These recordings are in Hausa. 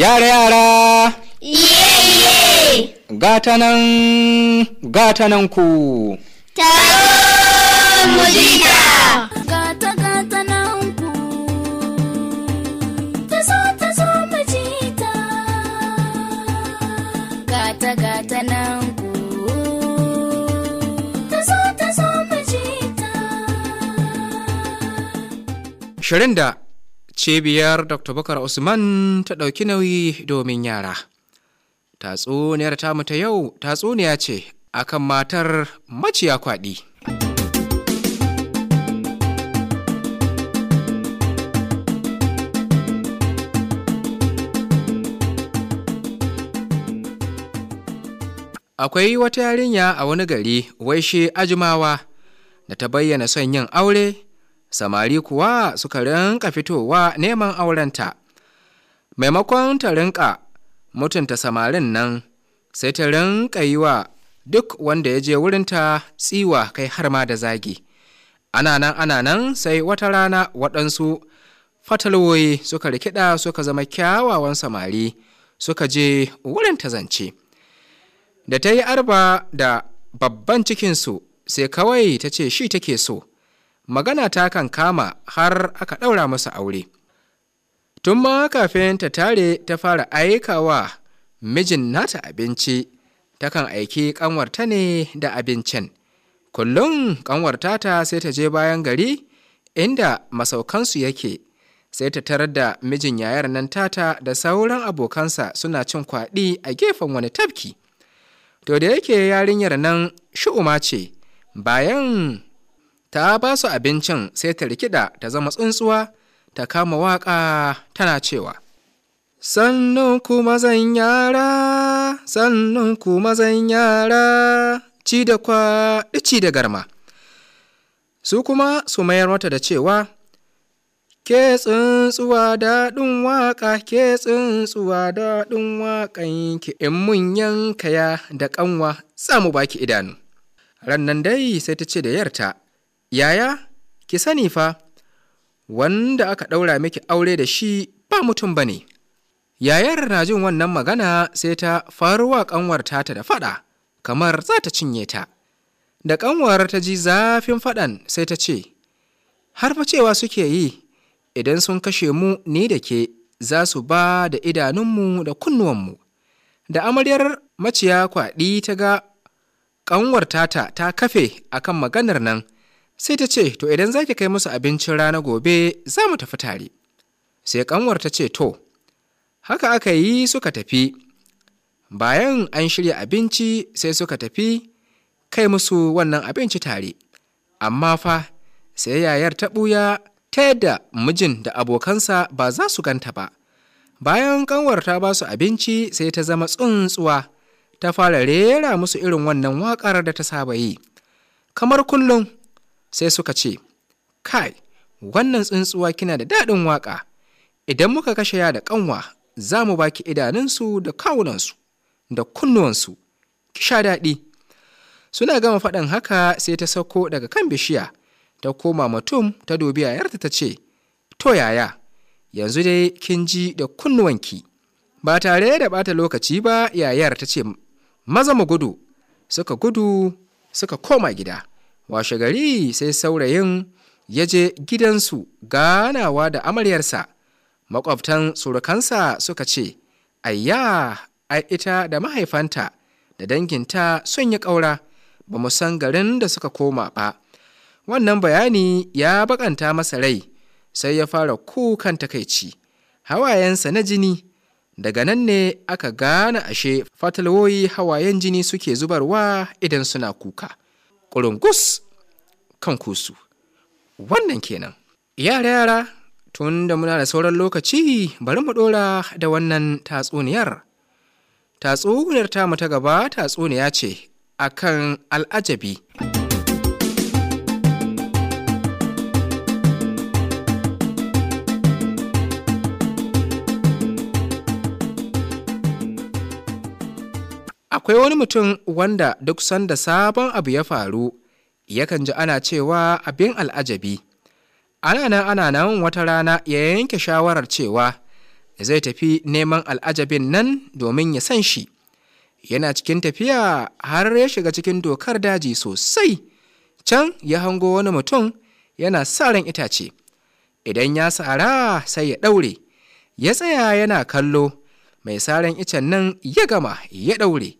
yare yara! Iye Gata nan, gata nan ku! Taro mujita! Gata gata nan ku! Tazo tazo mujita! Gata gata nan ku! Shirin da cibiyar dr bakar usman ta ɗauki nauyi domin yara tatsuniyar tamu ta yau tatsuniya ce akan matar maciya kwaɗi akwai wata yarinya a wani gari wai shi ajimawa da ta bayyana son yin aure samari kuwa suka rinka fitowa neman aurenta maimakon ta rinka mutunta samarin nan sai ta rinka yi wa duk wanda ya je wurinta tsiwa kai har ma da zagi ana nan ana nan sai wata rana waɗansu fatalwoyi suka rikida suka zama kyawawan samari suka je wurin ta zance da ta yi arba da babban cikinsu sai kawai ta ce shi take so magana ta kan kama har aka ɗaura masa aure tun ma kafin ta tare ta fara aikawa mijin nata abinci ta kan aiki ƙanwarta ne da abincin kullum ƙanwarta ta sai ta je bayan gari inda masaukansu yake sai ta tarar da mijin yayar nan tata da sauran abokansa suna cin kwaɗi a gefen wani tafki to da yake yarinyar nan shu'uma ce bayan ta ba su abincin sai ta rikida ta zama tsuntsuwa ta kama waƙa tana cewa sannan ku mazan yara sannan ku mazan yara ci da kwa ci da garma su kuma su mayar mata da cewa ke tsuntsuwa daɗin waƙa ke tsuntsuwa daɗin waƙan ki in mun yanka ya da ƙanwa samu baki idanu ran dai sai ta ce da yarta yaya ki sani fa wanda aka ɗaura miki aure da shi ba mutum ba ne yayar na jin wannan magana sai ta faruwa ƙanwar tata da faɗa kamar za ta cinye ta da ƙanwar ta ji zafin faɗan sai ta ce har fa cewa suke yi idan sun kashe mu ni da ke za su ba da idanunmu da kunnuwanmu da amaryar maciya kwaɗi ta ga ƙanwar tata ta kafe akan maganar nan sai ta ce to idan zaki kai musu abincin rana gobe za mu tafi tare sai kanwar ta ce to haka aka yi suka tafi bayan an shirya abinci sai suka tafi kai musu wannan abinci tare amma fa sai yayar ta ɓuya ta yadda mijin da abokansa ba za su ganta ba bayan kanwar ta ba su abinci sai ta zama tsuntsuwa ta fara rera musu irin wannan waƙar da ta saba yi kamar kullum sai suka ce kai wannan tsuntsuwa kina da daɗin waƙa idan muka kashe ya da ƙanwa za mu baki idanunsu da kawunansu da kunnuwansu ki sha daɗi suna gama faɗin haka sai ta sauko daga kan bishiya ta koma mutum ta dobi yayarta ta ce to yaya yanzu dai kin ji da kunnuwanki ba tare da ɓata lokaci ba yayar ta ce maza mu gudu suka gudu suka koma gida washe gari sai saurayin ya je gidansu ganawa da amaryarsa makwabtan surukansa suka ce ayya ai ita da mahaifanta da danginta sun yi ƙaura ba mu san garin da suka koma ba wannan bayani ya bakanta masa rai sai ya fara kukan takaici hawayensa na jini daga nan ne aka gane ashe fatalwoyi hawayen jini suke zubarwa idan suna kuka ƙurungus kan kusu wannan kenan yara yara tun da muna da sauran lokaci bari mu ɗora da wannan tatsuniyar tatsuniyar ta ta gaba tatsuniya ce akan al'ajabi. Akwai wani mutum wanda duk sanda sabon abu ya faru yakan ji ana cewa abin al'ajabi. Ana nan ana nan wata rana ya yanke shawarar cewa zai tafi neman al'ajabin nan domin ya san shi. Yana cikin tafiya har ya shiga cikin dokar daji sosai. Can ya hango wani mutum yana sa ran itace. Idan ya sara sai ya ɗaure. Ya tsaya yana kallo. mai saran icen nan ya gama ya ɗaure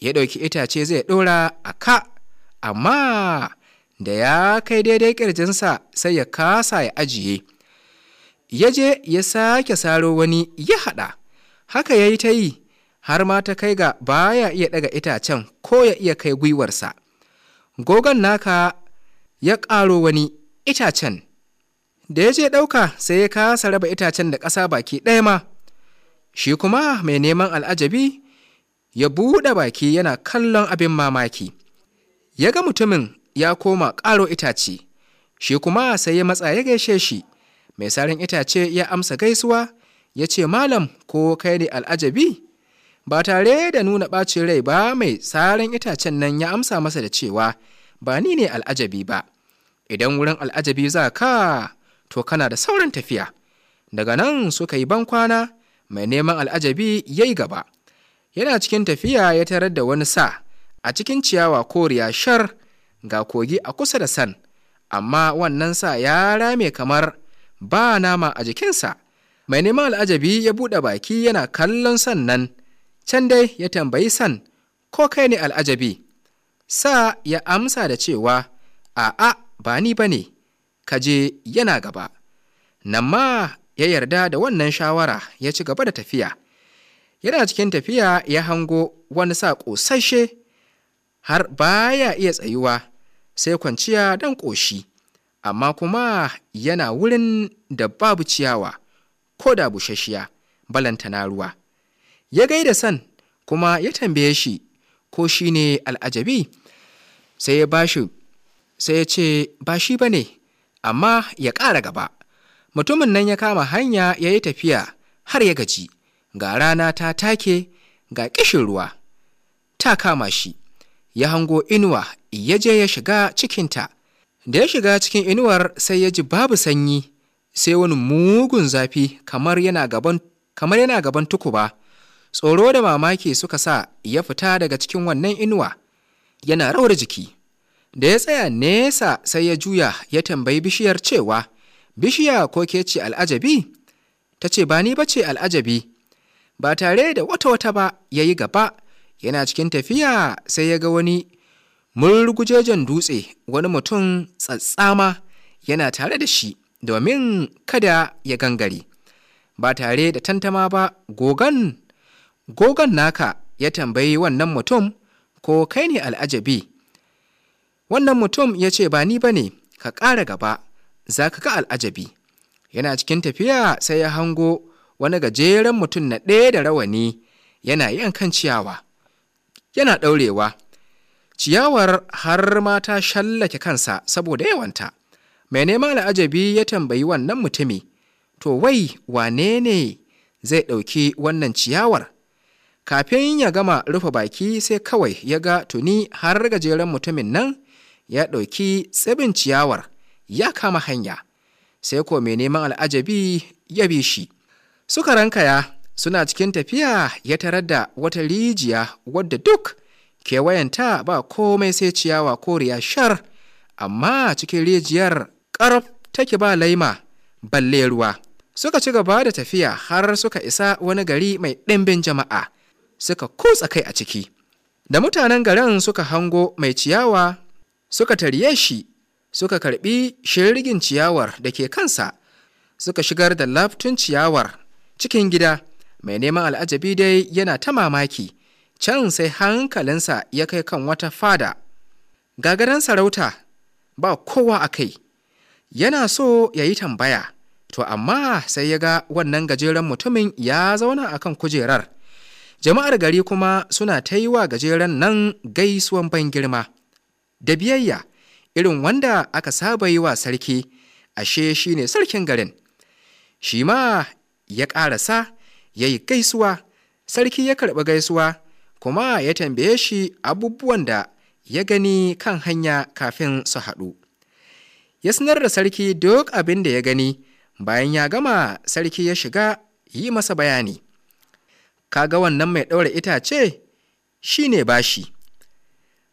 ya ɗauki itace zai ɗora a ka amma da ya kai daidai ƙirjinsa sai ya kasa ya ajiye ya je ya sake saro wani ya haɗa haka ya yi ta yi har ma ta kai ga baya iya ɗaga itacen ko ya iya kai gwiwarsa gogon naka ya ƙaro wani itacen da ya je ɗauka sai ya kasa raba itacen da ƙasa baki ɗaya ma shi kuma mai neman al'ajabi ya buɗe baki yana kallon abin mamaki ya ga mutumin ya koma ƙaro itace shi kuma sai ya matsa ya gaishe shi mai sarin itace ya amsa gaisuwa ya ce malam ko kai ne al'ajabi ba tare da nuna ɓacin rai ba mai sarin itacen nan ya amsa masa da cewa ba ni ne al'ajabi ba idan wurin al'ajabi za ka to kana da sauran tafiya daga nan suka yi bankwana mai neman al'ajabi ya yi gaba yana cikin tafiya ya tarar da wani sa a cikin ciyawa koriya shar ga kogi a kusa da san amma wannan sa ya rame kamar ba nama a jikinsa mai neman al'ajabi ya buɗe baki yana kallon san nan can dai ya tambayi san ko kai ne al'ajabi sa ya amsa da cewa a'a ba ni ba ne kaje yana gaba nan ma ya yarda da wannan shawara ya ci gaba da tafiya yana cikin tafiya ya hango wani sa sashe har baya iya tsayuwa sai kwanciya don ƙoshi amma kuma yana wurin da babu ciyawa ko da bushashiya na ruwa ya gaida san kuma ya tambaye shi ko shi ne al'ajabi sai ya bashi sai ya ce ba shi ba ne amma ya ƙara gaba mutumin nan ya kama hanya ya yi tafiya har ya gaji ga rana ta take ga ƙishin ruwa ta kama shi ya hango inuwa ya je ya shiga cikinta da ya shiga cikin inuwar sai ya ji babu sanyi sai wani mugun zafi kamar yana gaban tukuba tsoro da mamaki suka sa ya fita daga cikin wannan inuwa yana rawar jiki da ya tsaya nesa sai ya juya ya tambayi bishiyar cewa bishiya ko ke ce al'ajabi ta ce ba ni ba ce al'ajabi ba tare da wata-wata ba ya yi gaba yana cikin tafiya sai ya ga wani murgujejen dutse wani mutum tsatsama yana tare da shi domin kada ya gangare ba tare da tantama ba gogan gogan naka ya tambayi wannan mutum ko kai ne al'ajabi wannan mutum ya ce ba ni ba ne ka ƙara gaba za ka ga al'ajabi yana cikin tafiya sai ya hango wani gajeren mutum na ɗaya da rawani yana yankan ciyawa yana ɗaurewa ciyawar har mata shallake kansa saboda yawanta mai neman la'ajabi ya tambayi wannan mutumi to wai wane ne zai ɗauki wannan ciyawar kafin ya gama rufe baki sai kawai ya ga tuni har gajeren mutumin nan ya ɗauki tsibin ciyawar ya kama hanya sai ko mai neman al'ajabi ya bi shi suka rankaya suna cikin tafiya ya tarar da wata rijiya wadda duk kewayenta ba komai sai ciyawa ko shar amma cikin rijiyar ƙarf take ba laima balle ruwa suka ci gaba da tafiya har suka isa wani gari mai ɗimbin jama'a suka kutsa kai a ciki da mutanen garin suka hango mai ciyawa suka tarye shi suka karbi shirgin ciyawar da ke kansa suka shigar da laftun ciyawar cikin gida mai neman al'ajabi dai yana ta mamaki can sai hankalinsa ya kai kan wata fada gagaran sarauta ba kowa a kai yana so ya yi tambaya to amma sai ya ga wannan gajeren mutumin ya zauna a kan kujerar jama'ar gari kuma suna ta yi wa gajeren nan gaisuwan ban girma da biyayya irin wanda aka saba yi wa sarki ashe shi ne sarkin garin shi ma ya ƙarasa ya yi gaisuwa sarki ya karɓi gaisuwa kuma ya tambaye shi abubuwan da ya gani kan hanya kafin su haɗu ya sanar da sarki duk abin da ya gani bayan ya gama sarki ya shiga yi masa bayani kaga wannan mai ɗaura itace shi ne bashi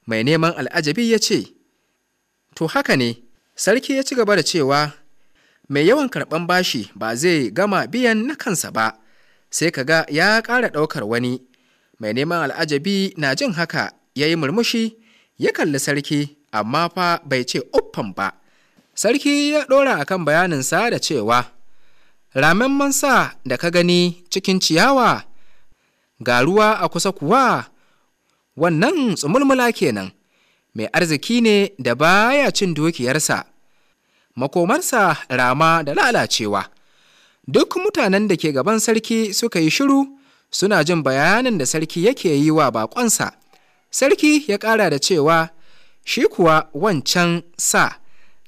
mai neman al'ajabi ya ce to haka ne sarki ya ci gaba da cewa mai yawan karɓan bashi ba zai gama biyan na kansa ba sai ka ga ya ƙara ɗaukar wani mai neman al'ajabi na jin haka ya yi murmushi ya kalli sarki amma fa bai ce uffan ba sarki ya ɗora a kan bayaninsa da cewa ramen mansa da ka gani cikin ciyawa ga ruwa a kusa kuwa wannan tsumulmula kenan mai arziki ne da baya cin dukiyarsa makomarsa rama da lalacewa duk mutanen da ke gaban sarki suka yi shiru suna jin bayanin da sarki yake yi wa bakonsa sarki ya ƙara da cewa shi kuwa wancan sa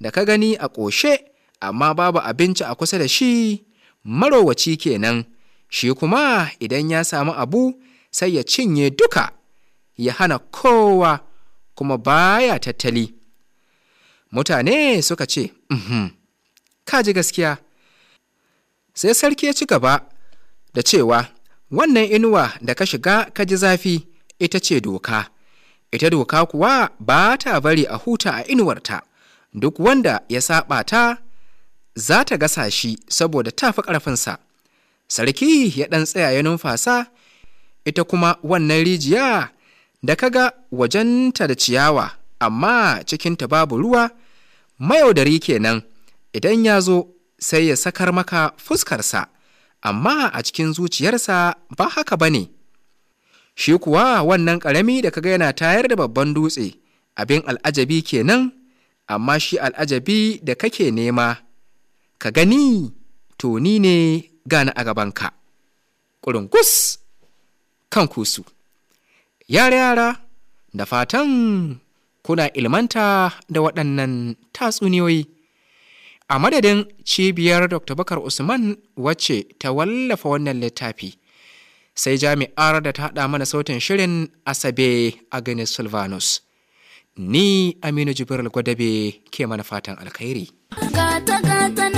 da ka gani a ƙoshe amma babu abinci a kusa da shi marowaci kenan shi kuma idan ya samu abu sai ya cinye duka ya hana kowa kuma baya tattali mutane suka ce uhm, ka ji gaskiya sai sarki ya ci gaba da cewa wannan inuwa da ka shiga ka ji zafi ita ce doka ita doka kuwa ba ta bari a huta a inuwarta duk wanda ya saɓa ta za ta gasa shi saboda ta fi ƙarfinsa sarki ya ɗan tsaya ya numfasa ita kuma wannan rijiya da kaga wajenta da ciyawa amma cikinta babu ruwa mayaudari kenan idan ya zo sai ya sakar maka fuskarsa amma a cikin zuciyarsa ba haka ba ne shi kuwa wannan ƙarami da kaga yana tayar da babban dutse abin al'ajabi kenan amma shi al'ajabi da kake nema ka gani to ni ne gane a gabanka ƙurungus kan kusu yara yara da fatan kuna ilmanta da waɗannan tatsuniyoyi. A madadin cibiyar Dr. Bakar Usman wacce ta wallafa wannan littafi, sai jami'ar da ta haɗa mana sautin shirin Asabe Agnes Silvanus. Ni Aminu Jibril Gwadabe ke mana fatan alkhairi. Gata, gata,